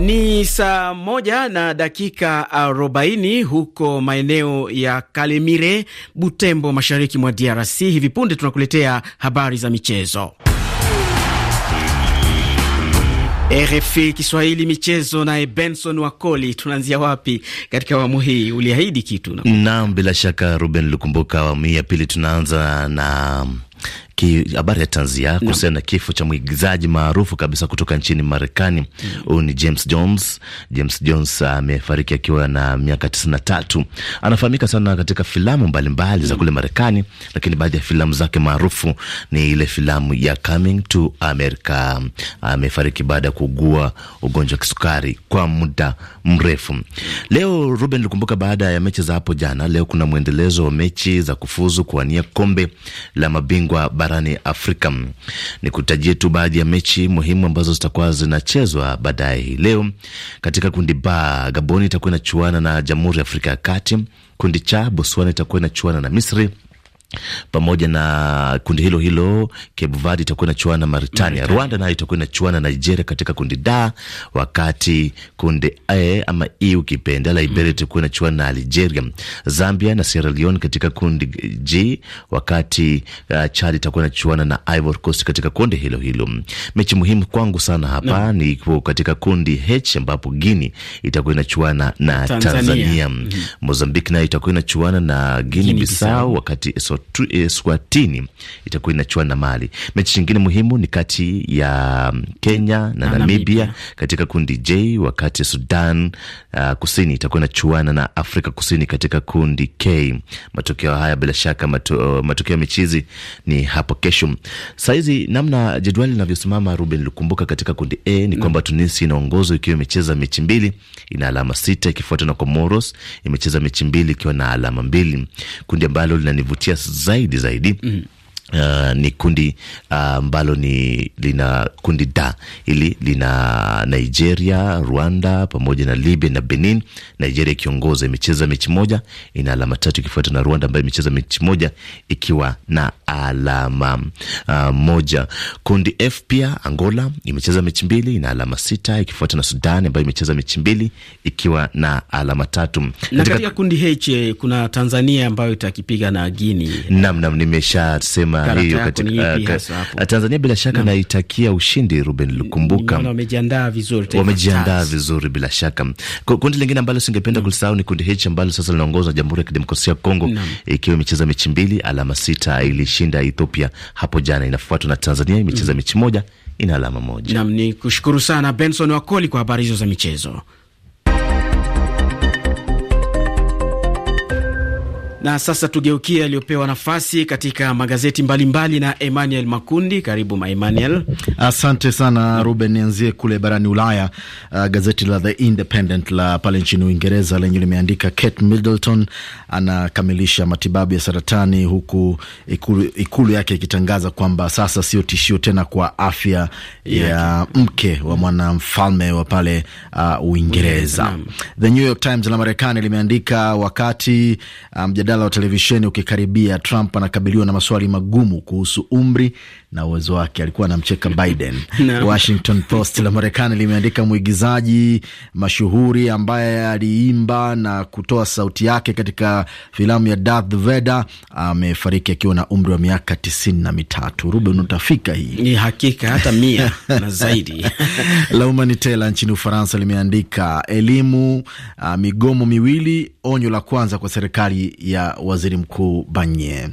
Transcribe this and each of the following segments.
Ni saa moja na dakika arobaini huko maeneo ya Kalemire, Butembo, mashariki mwa DRC. Hivi punde tunakuletea habari za michezo. RFI Kiswahili michezo, naye Benson Wakoli, tunaanzia wapi katika awamu hii? Uliahidi kitu. Naam, bila shaka Ruben Lukumbuka, awamu hii ya pili tunaanza na habari ya tanzia kuhusiana na kifo cha mwigizaji maarufu kabisa kutoka nchini Marekani. Mm. Huyu ni James Jones. James Jones ah, amefariki akiwa na miaka tisini na tatu. Anafahamika sana katika filamu mbalimbali mbali za mm. kule Marekani, lakini baadhi ya filamu zake maarufu ni ile filamu ya Coming to America. Amefariki baada ya kuugua ugonjwa wa kisukari kwa muda mrefu. Leo Ruben likumbuka, baada ya mechi za hapo jana, leo kuna mwendelezo wa mechi za kufuzu kuwania kombe la mabingwa barani Afrika. Ni kutajie tu baadhi ya mechi muhimu ambazo zitakuwa zinachezwa baadaye hii leo. Katika kundi ba, Gaboni itakuwa inachuana na Jamhuri ya Afrika ya Kati. Kundi cha Botswana itakuwa inachuana na Misri pamoja na kundi hilo hilo, Cape Verde itakuwa inachuana na Mauritania. Mm-hmm. Rwanda nayo itakuwa inachuana na Nigeria katika kundi da, wakati kundi A ama E ukipenda, Liberia mm-hmm. itakuwa inachuana na Algeria, Zambia na Sierra Leone katika kundi G, wakati uh, Chad itakuwa inachuana na Ivory Coast katika kundi hilo hilo. Mechi muhimu kwangu sana hapa no. ni ipo katika kundi H ambapo Guinea itakuwa inachuana na Tanzania, Tanzania. Mm -hmm. Mozambique nayo itakuwa inachuana na Guinea Bissau wakati so Swatini itakuwa inachuana na Mali. Mechi nyingine muhimu ni kati ya mm, Kenya na, na Namibia, Namibia katika kundi J, wakati Sudan uh, Kusini itakuwa inachuana na Afrika Kusini katika kundi K. Matokeo haya bila shaka matu, uh, matokeo ya michizi ni hapo kesho. Saizi namna jedwali linavyosimama, Ruben likumbuka katika kundi A ni mm. kwamba Tunisia inaongozwa ikiwa imecheza mechi mbili, ina alama sita, ikifuatwa na Comoros imecheza mechi mbili ikiwa na alama mbili, kundi ambalo linanivutia zaidi zaidi mm. Uh, ni kundi eh, ambalo uh, ni lina kundi da ili lina Nigeria, Rwanda pamoja na Libya na Benin. Nigeria ikiongoza imecheza mechi moja, ina alama tatu, ikifuatwa na Rwanda ambayo imecheza mechi moja ikiwa na alama uh, moja. Kundi F pia Angola imecheza mechi mbili, ina alama sita, ikifuatwa na Sudan ambayo imecheza mechi mbili ikiwa na alama tatu. Na katika kundi H kuna Tanzania ambayo itakipiga na Guinea. Naam, naam, nimeshasema dhima hiyo katika eh, eh, Tanzania bila shaka naitakia ushindi Ruben Lukumbuka. Wamejiandaa vizuri, wamejiandaa vizuri bila shaka. Kundi lingine ambalo singependa kulisahau ni kundi H ambalo sasa linaongozwa na Jamhuri ya Kidemokrasia ya Kongo ikiwa imecheza mechi mbili, alama sita, ilishinda Ethiopia hapo jana, inafuatwa na Tanzania imecheza mm. mechi moja, ina alama moja. Nam ni kushukuru sana Benson Wakoli kwa habari hizo za michezo. Na sasa tugeukie aliyopewa nafasi katika magazeti mbalimbali mbali na Emmanuel Makundi. Karibu ma Emmanuel. Asante sana Ruben, nianzie kule barani Ulaya. Uh, gazeti la The Independent la pale nchini Uingereza lenye limeandika Kate Middleton anakamilisha matibabu ya saratani huku ikulu, ikulu yake ikitangaza kwamba sasa sio tishio tena kwa afya yeah, ya mke wa mwanamfalme wa pale uh, Uingereza. The New York Times la Marekani limeandika wakati um, mjadala wa televisheni ukikaribia, Trump anakabiliwa na maswali magumu kuhusu umri na uwezo wake alikuwa anamcheka Biden. Washington Post la Marekani limeandika mwigizaji mashuhuri ambaye aliimba na kutoa sauti yake katika filamu ya Darth Vader amefariki akiwa na umri wa miaka tisini na mitatu. Ruben, utafika hii ni hakika, hata mia na zaidi. La Humanitela nchini Ufaransa limeandika elimu, uh, migomo miwili, onyo la kwanza kwa serikali ya waziri mkuu Barnier.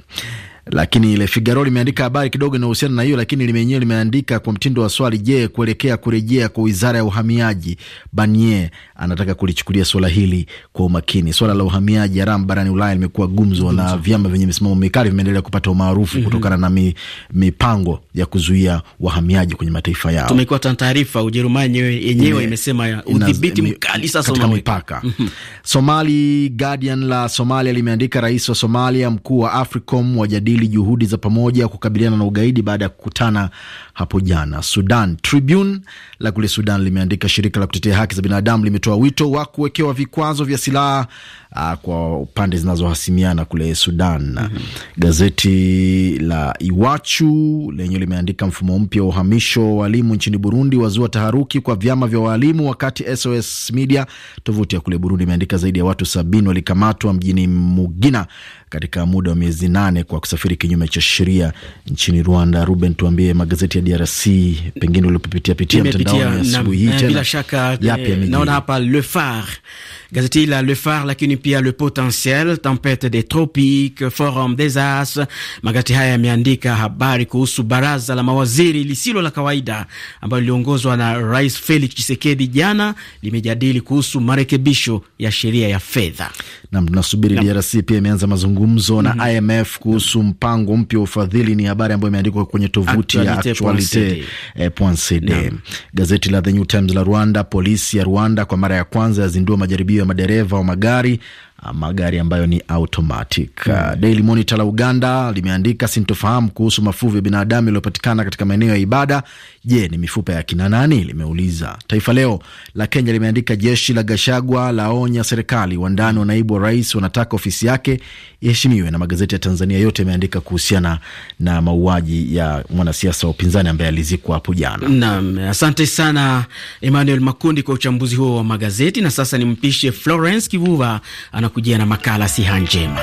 Lakini Le Figaro limeandika habari kidogo inayohusiana na hiyo, lakini limenyewe limeandika kwa mtindo wa swali: Je, kuelekea kurejea kwa wizara ya uhamiaji, Barnier anataka kulichukulia swala hili kwa umakini. Swala la uhamiaji haramu barani Ulaya limekuwa gumzo na vyama vyenye misimamo mikali vimeendelea kupata umaarufu mm -hmm. kutokana na mi, mipango ya kuzuia wahamiaji kwenye mataifa yao. Tumekuata taarifa Ujerumani yenyewe imesema udhibiti mkali sasa katika mipaka mm -hmm. Somali. Guardian la Somalia limeandika rais wa Somalia, mkuu wa AFRICOM wajadili kujadili juhudi za pamoja kukabiliana na ugaidi baada ya kukutana hapo jana. Sudan Tribune la kule Sudan limeandika shirika la kutetea haki za binadamu limetoa wito wa kuwekewa vikwazo vya silaha uh, kwa pande zinazohasimiana kule Sudan. mm -hmm. Gazeti la Iwachu lenyewe limeandika mfumo mpya wa uhamisho wa walimu nchini Burundi wazua taharuki kwa vyama vya walimu, wakati SOS Media tovuti ya kule Burundi imeandika zaidi ya watu sabini walikamatwa mjini Mugina katika muda wa miezi nane kwa kusafiri kinyume cha sheria nchini Rwanda. Ruben, tuambie magazeti ya DRC pengine uliopitia pitia mtandaoni asubuhi hii tena, bila shaka eh, Naona hapa Le Phare Gazeti hili la Le Phare lakini pia Le Potentiel, Tempête des Tropiques, Forum des As. Magazeti haya yameandika habari kuhusu baraza la mawaziri lisilo la kawaida ambalo liliongozwa na Rais Felix Tshisekedi jana, limejadili kuhusu marekebisho ya sheria ya fedha. Nam, tunasubiri DRC pia imeanza mazungumzo na mhm. IMF kuhusu mpango mpya wa ufadhili. Ni habari ambayo imeandikwa kwenye tovuti ya actualite.cd. Eh, Gazeti la The New Times la Rwanda, polisi ya Rwanda kwa mara ya kwanza yazindua majaribio ya madereva wa magari ah, magari ambayo ni automatic. Mm. Daily Monitor la Uganda limeandika sintofahamu kuhusu mafuvu ya binadamu yaliyopatikana katika maeneo ya ibada Je, ni mifupa ya kina nani? Limeuliza Taifa Leo. La Kenya limeandika jeshi la Gashagwa laonya serikali, wandani wa naibu wa rais wanataka ofisi yake iheshimiwe. Na magazeti ya Tanzania yote yameandika kuhusiana na mauaji ya mwanasiasa wa upinzani ambaye alizikwa hapo jana. Naam, asante sana Emmanuel Makundi kwa uchambuzi huo wa magazeti. Na sasa nimpishe Florence Kivuva anakujia na makala siha njema.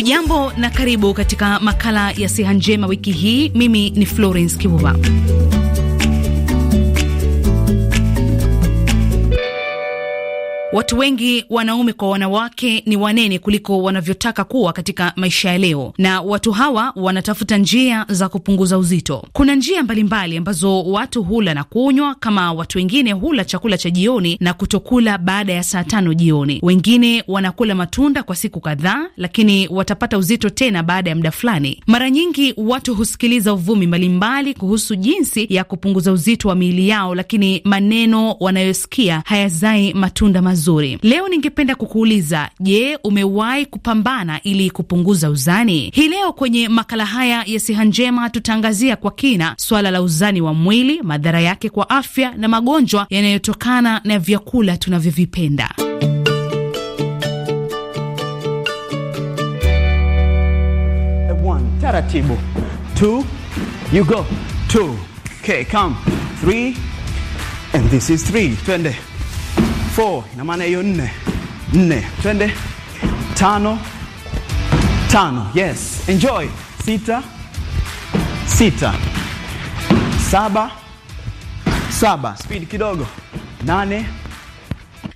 Hujambo na karibu katika makala ya siha njema wiki hii. Mimi ni Florence Kivuva. Watu wengi wanaume kwa wanawake ni wanene kuliko wanavyotaka kuwa katika maisha ya leo, na watu hawa wanatafuta njia za kupunguza uzito. Kuna njia mbalimbali ambazo watu hula na kunywa, kama watu wengine hula chakula cha jioni na kutokula baada ya saa tano jioni. Wengine wanakula matunda kwa siku kadhaa, lakini watapata uzito tena baada ya muda fulani. Mara nyingi watu husikiliza uvumi mbalimbali kuhusu jinsi ya kupunguza uzito wa miili yao, lakini maneno wanayosikia hayazai matunda mazuri mazuri. Leo ningependa kukuuliza, je, umewahi kupambana ili kupunguza uzani? Hii leo kwenye makala haya ya siha njema tutaangazia kwa kina suala la uzani wa mwili, madhara yake kwa afya na magonjwa yanayotokana na vyakula tunavyovipenda. Taratibu. Two, you go. Two. Okay, come. Three, and this is three. Twende. 4 ina maana hiyo 4 4 twende tano tano, yes, enjoy. Sita sita, saba saba, speed kidogo, nane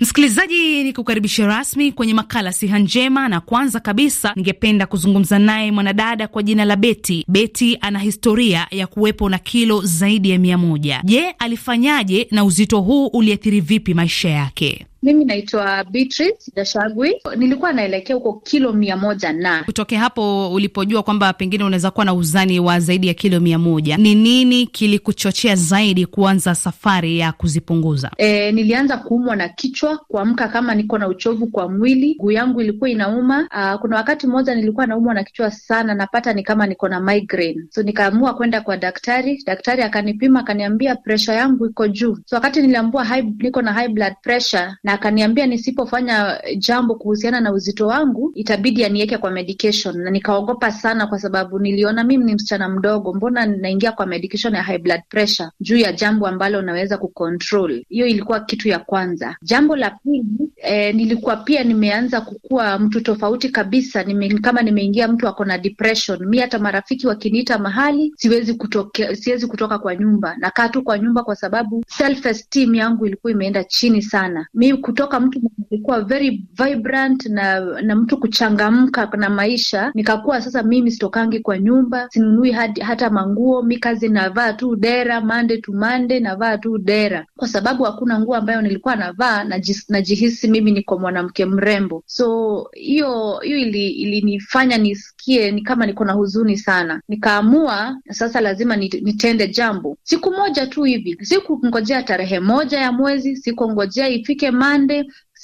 Msikilizaji, ni kukaribisha rasmi kwenye makala siha njema, na kwanza kabisa ningependa kuzungumza naye mwanadada kwa jina la Beti. Beti ana historia ya kuwepo na kilo zaidi ya mia moja. Je, alifanyaje na uzito huu uliathiri vipi maisha yake? Mimi naitwa Beatrice Dashagwi, nilikuwa naelekea huko kilo mia moja na kutokea hapo. Ulipojua kwamba pengine unaweza kuwa na uzani wa zaidi ya kilo mia moja, ni nini kilikuchochea zaidi kuanza safari ya kuzipunguza? E, nilianza kuumwa na kichwa, kuamka kama niko na uchovu kwa mwili, guu yangu ilikuwa inauma. Aa, kuna wakati mmoja nilikuwa naumwa na kichwa sana, napata ni kama niko na migraine, so nikaamua kwenda kwa daktari. Daktari akanipima akaniambia presha yangu iko juu, so wakati niliambua niko na high blood pressure na akaniambia nisipofanya jambo kuhusiana na uzito wangu itabidi aniweke kwa medication, na nikaogopa sana, kwa sababu niliona mimi ni msichana mdogo, mbona naingia kwa medication ya high blood pressure juu ya jambo ambalo unaweza kucontrol. Hiyo ilikuwa kitu ya kwanza. Jambo la pili, eh, nilikuwa pia nimeanza kukua mtu tofauti kabisa. Nime, kama nimeingia mtu ako na depression, mi hata marafiki wakiniita mahali siwezi kutoke, siwezi kutoka kwa nyumba, nakaa tu kwa nyumba kwa sababu self esteem yangu ilikuwa imeenda chini sana mi kutoka mtu nilikuwa very vibrant na na mtu kuchangamka na maisha, nikakuwa sasa mimi sitokangi kwa nyumba, sinunui hadi, hata manguo mi kazi navaa tu dera, mande tu mande, navaa tu dera, kwa sababu hakuna nguo ambayo nilikuwa navaa najihisi mimi niko mwanamke mrembo. So hiyo hiyo ilinifanya ili nisikie ni kama niko na huzuni sana, nikaamua sasa lazima nitende jambo. Siku moja tu hivi, sikungojea tarehe moja ya mwezi, sikungojea ifike ma and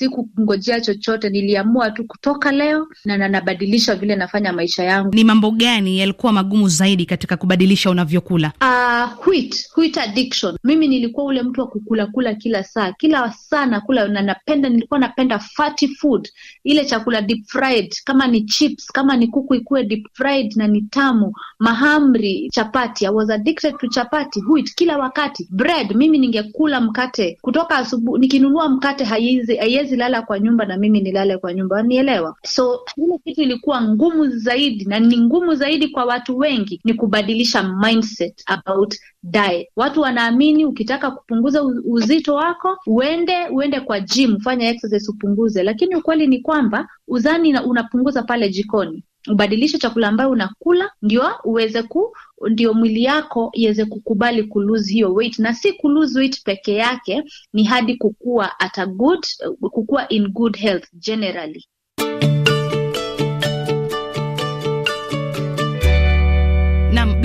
sikungojea chochote, niliamua tu kutoka leo na nabadilisha vile nafanya maisha yangu. Ni mambo gani yalikuwa magumu zaidi katika kubadilisha unavyokula? Uh, wheat, wheat addiction. Mimi nilikuwa ule mtu wa kukula kula kila saa, kila saa nakula na napenda, nilikuwa napenda fatty food, ile chakula deep fried, kama ni chips, kama ni kuku ikuwe deep fried na ni tamu, mahamri, chapati. I was addicted to chapati, wheat kila wakati, bread. Mimi ningekula mkate kutoka asubuhi, nikinunua mkate haiwezi huwezi lala kwa nyumba na mimi nilale kwa nyumba, wanielewa? So ile kitu ilikuwa ngumu zaidi, na ni ngumu zaidi kwa watu wengi, ni kubadilisha mindset about diet. Watu wanaamini ukitaka kupunguza uzito wako uende uende kwa gym, fanya exercise upunguze, lakini ukweli ni kwamba uzani unapunguza pale jikoni. Ubadilishe chakula ambayo unakula ndio uweze ku ndio mwili yako iweze kukubali kulose hiyo weight, na si kulose weight peke yake, ni hadi kukua at a good, kukua in good health generally.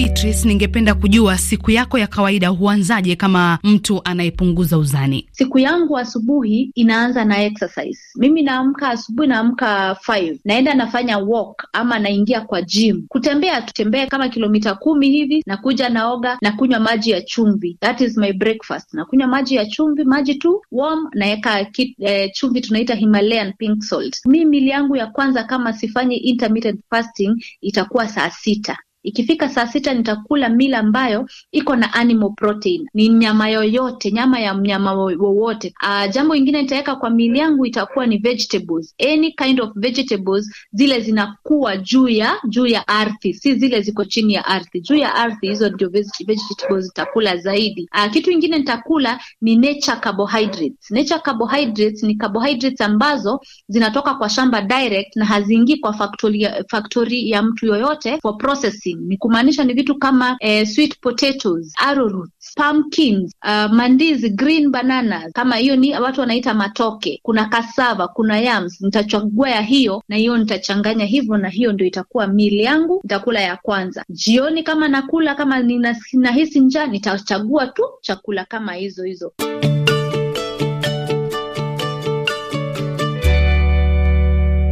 Beatrice, ningependa kujua siku yako ya kawaida huanzaje kama mtu anayepunguza uzani? Siku yangu asubuhi inaanza na exercise. Mimi naamka asubuhi, naamka 5 naenda nafanya walk ama naingia kwa gym, kutembea, tutembee kama kilomita kumi hivi, nakuja naoga, nakunywa maji ya chumvi. That is my breakfast. Nakunywa maji ya chumvi, maji tu warm, naweka eh, chumvi tunaita Himalayan pink salt. Mimi mili yangu ya kwanza kama sifanyi intermittent fasting itakuwa saa sita Ikifika saa sita nitakula mila ambayo iko na animal protein, ni nyama yoyote, nyama ya mnyama wowote. Uh, jambo ingine nitaweka kwa mili yangu itakuwa ni vegetables, any kind of vegetables, zile zinakuwa juu ya juu ya ardhi, si zile ziko chini ya ardhi. Juu ya ardhi, hizo ndio vegetables zitakula zaidi. Uh, kitu ingine nitakula ni nature carbohydrates. Nature carbohydrates ni carbohydrates ambazo zinatoka kwa shamba direct na haziingii kwa factory, factory ya mtu yoyote for processing growing, ni kumaanisha ni vitu kama eh, sweet potatoes, arrowroots, pumpkins, uh, mandizi, green bananas, kama hiyo ni watu wanaita matoke. Kuna kasava kuna yams. Nitachagua ya hiyo na hiyo nitachanganya hivyo, na hiyo ndio itakuwa mili yangu, nitakula ya kwanza. Jioni kama nakula, kama ninahisi njaa, nitachagua tu chakula kama hizo hizo.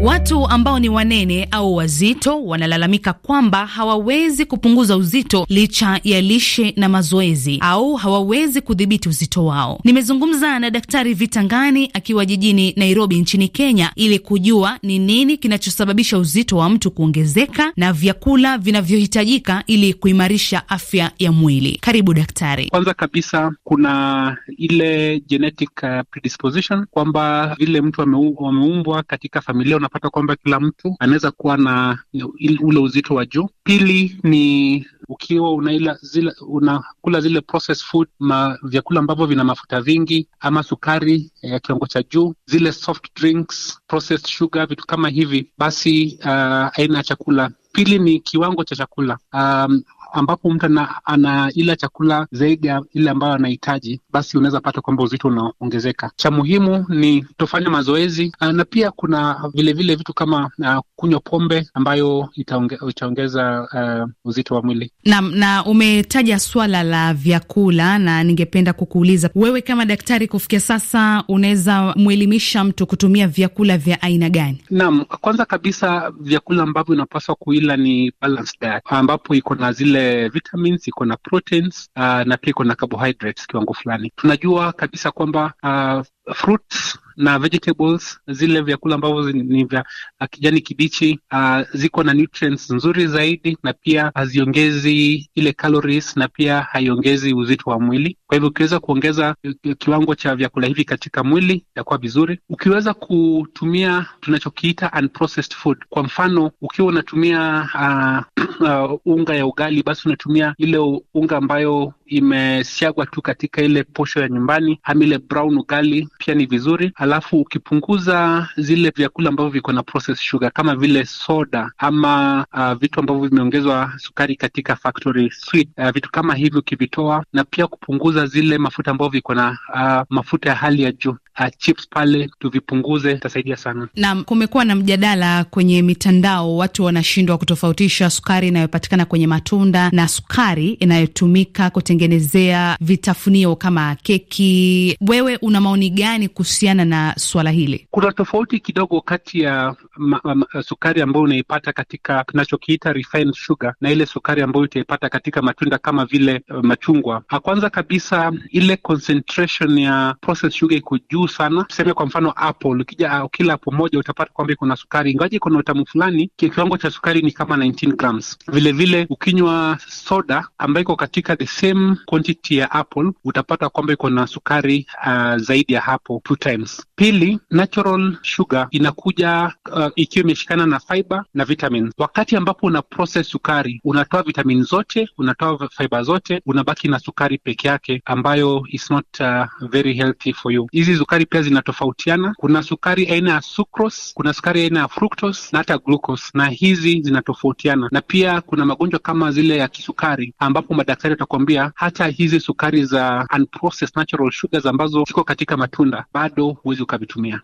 Watu ambao ni wanene au wazito wanalalamika kwamba hawawezi kupunguza uzito licha ya lishe na mazoezi, au hawawezi kudhibiti uzito wao. Nimezungumza na Daktari Vitangani akiwa jijini Nairobi nchini Kenya ili kujua ni nini kinachosababisha uzito wa mtu kuongezeka na vyakula vinavyohitajika ili kuimarisha afya ya mwili. Karibu daktari. Kwanza kabisa kuna ile genetic uh, predisposition kwamba vile mtu ameumbwa katika familia unapata kwamba kila mtu anaweza kuwa na ule uzito wa juu. Pili ni ukiwa unaila zile, unakula zile processed food, ma, vyakula ambavyo vina mafuta vingi ama sukari eh, ya eh, kiwango cha juu, zile soft drinks, processed sugar, vitu kama hivi, basi uh, aina ya chakula. Pili ni kiwango cha chakula um, ambapo mtu anaila chakula zaidi ya ile ambayo anahitaji, basi unaweza pata kwamba uzito unaongezeka. Cha muhimu ni tofanya mazoezi, ah, na pia kuna vilevile vile vitu kama uh, kunywa pombe ambayo itaonge, itaongeza uh, uzito wa mwili. Naam, na umetaja swala la vyakula, na ningependa kukuuliza wewe kama daktari, kufikia sasa unaweza mwelimisha mtu kutumia vyakula vya aina gani? Naam, kwanza kabisa vyakula ambavyo unapaswa kuila ni balanced diet, ambapo iko na zile vitamins, iko na proteins uh, na pia iko na carbohydrates kiwango fulani. Tunajua kabisa kwamba uh, fruits na vegetables, zile vyakula ambavyo ni vya ah, kijani kibichi, uh, ziko na nutrients nzuri zaidi, na pia haziongezi ile calories, na pia haiongezi uzito wa mwili. Kwa hivyo ukiweza kuongeza kiwango cha vyakula hivi katika mwili itakuwa vizuri. Ukiweza kutumia tunachokiita unprocessed food, kwa mfano ukiwa unatumia uh, uh, unga ya ugali, basi unatumia ile unga ambayo imesiagwa tu katika ile posho ya nyumbani ama ile brown ugali, pia ni vizuri. Alafu ukipunguza zile vyakula ambavyo viko na processed sugar kama vile soda ama uh, vitu ambavyo vimeongezwa sukari katika factory sweet, uh, vitu kama hivyo ukivitoa, na pia kupunguza zile mafuta ambavyo viko na uh, mafuta ya hali ya juu uh, chips pale tuvipunguze, itasaidia sana. Naam, kumekuwa na mjadala kwenye mitandao, watu wanashindwa kutofautisha sukari inayopatikana kwenye matunda na sukari inayotumika kutengeneza kutengenezea vitafunio kama keki. Wewe una maoni gani kuhusiana na swala hili? Kuna tofauti kidogo kati ya ma, ma, sukari ambayo unaipata katika tunachokiita refined sugar na ile sukari ambayo utaipata katika matunda kama vile uh, machungwa. Ah, kwanza kabisa ile concentration ya processed sugar iko juu sana. Tuseme kwa mfano apple, ukija ah, ukila apple moja utapata kwamba iko na sukari, ingawaje iko na utamu fulani, kiwango cha sukari ni kama 19 grams. Vilevile ukinywa soda ambayo iko katika the same Mm. quantity ya apple utapata kwamba iko na sukari uh, zaidi ya hapo two times. Pili, natural sugar inakuja uh, ikiwa imeshikana na fiber na vitamins. Wakati ambapo una process sukari, unatoa vitamin zote, unatoa fiber zote, unabaki na sukari peke yake ambayo is not uh, very healthy for you. Hizi sukari pia zinatofautiana. Kuna sukari aina ya sucros kuna sukari aina ya fructos na hata glucos na hizi zinatofautiana, na pia kuna magonjwa kama zile ya kisukari ambapo madaktari watakuambia hata hizi sukari za unprocessed natural sugars ambazo ziko katika matunda bado huwezi ukavitumia.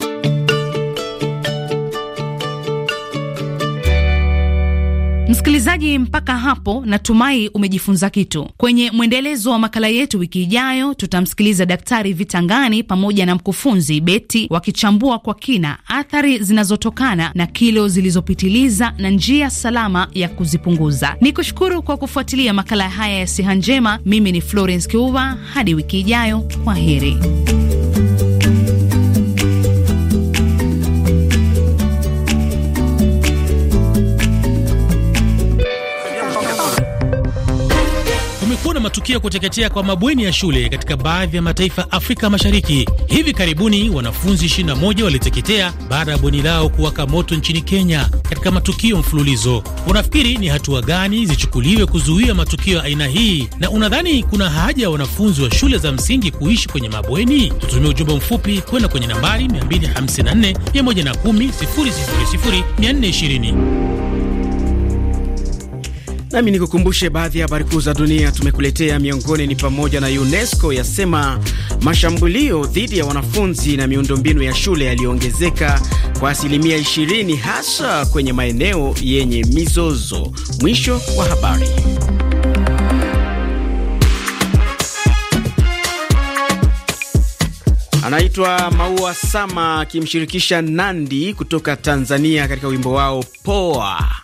Msikilizaji, mpaka hapo natumai umejifunza kitu. Kwenye mwendelezo wa makala yetu wiki ijayo, tutamsikiliza Daktari Vitangani pamoja na mkufunzi Beti wakichambua kwa kina athari zinazotokana na kilo zilizopitiliza na njia salama ya kuzipunguza. Ni kushukuru kwa kufuatilia makala haya ya Siha Njema. Mimi ni Florence Kiuva, hadi wiki ijayo, kwa heri. Kumekuwa na matukio ya kuteketea kwa mabweni ya shule katika baadhi ya mataifa Afrika Mashariki. Hivi karibuni wanafunzi 21 waliteketea baada ya bweni lao kuwaka moto nchini Kenya katika matukio mfululizo. Unafikiri ni hatua gani zichukuliwe kuzuia matukio ya aina hii, na unadhani kuna haja ya wanafunzi wa shule za msingi kuishi kwenye mabweni? Tutumie ujumbe mfupi kwenda kwenye nambari 254 110 000 420. Nami nikukumbushe baadhi ya habari kuu za dunia tumekuletea. Miongoni ni pamoja na UNESCO yasema mashambulio dhidi ya wanafunzi na miundombinu ya shule yaliyoongezeka kwa asilimia 20 hasa kwenye maeneo yenye mizozo. Mwisho wa habari. Anaitwa Maua Sama akimshirikisha Nandi kutoka Tanzania katika wimbo wao Poa.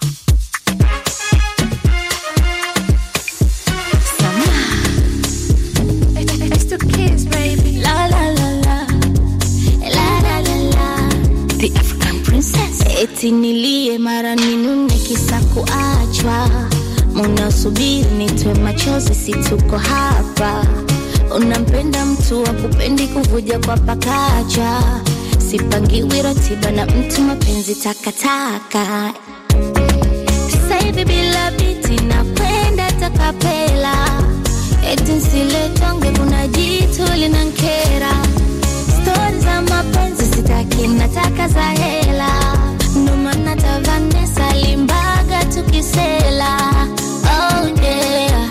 Usinilie mara ninune kisa kuachwa, muna usubiri nitwe machozi? situko hapa, unampenda mtu wa kupendi kuvuja kwa pakacha, sipangiwi ratiba na mtu, mapenzi takataka. Sasa bila biti nakwenda takapela, eti kuna jitu linankera, stori za mapenzi sitaki, nataka za hela tukisela oh yeah.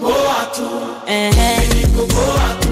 Poa tu. Eh. tu.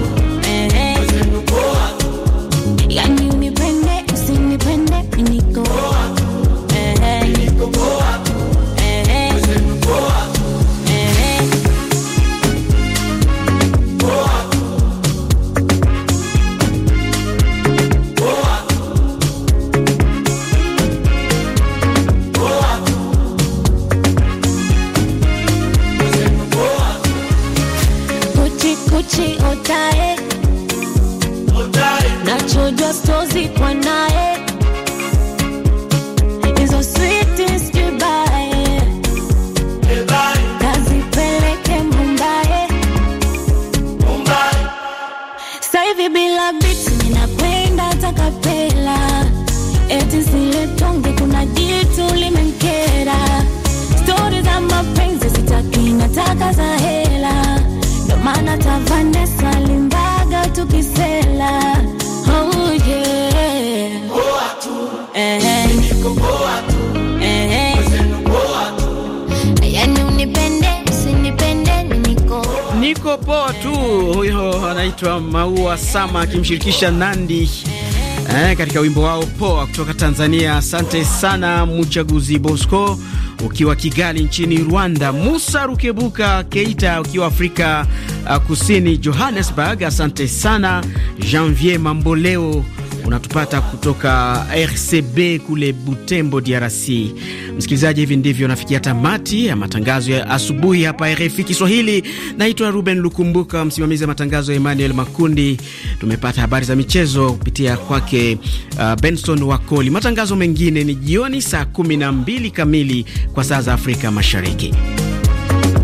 anaitwa Maua Sama akimshirikisha Nandi eh, katika wimbo wao poa kutoka Tanzania. Asante sana mchaguzi Bosco ukiwa Kigali nchini Rwanda, Musa Rukebuka Keita ukiwa Afrika eh, Kusini, Johannesburg. Asante sana Janvier Mamboleo unatupata kutoka RCB kule Butembo, DRC. Msikilizaji, hivi ndivyo nafikia tamati ya matangazo ya asubuhi hapa RFI Kiswahili. Naitwa Ruben Lukumbuka, msimamizi wa matangazo ya Emmanuel Makundi. Tumepata habari za michezo kupitia kwake uh, Benson Wakoli. Matangazo mengine ni jioni saa 12 kamili kwa saa za Afrika Mashariki.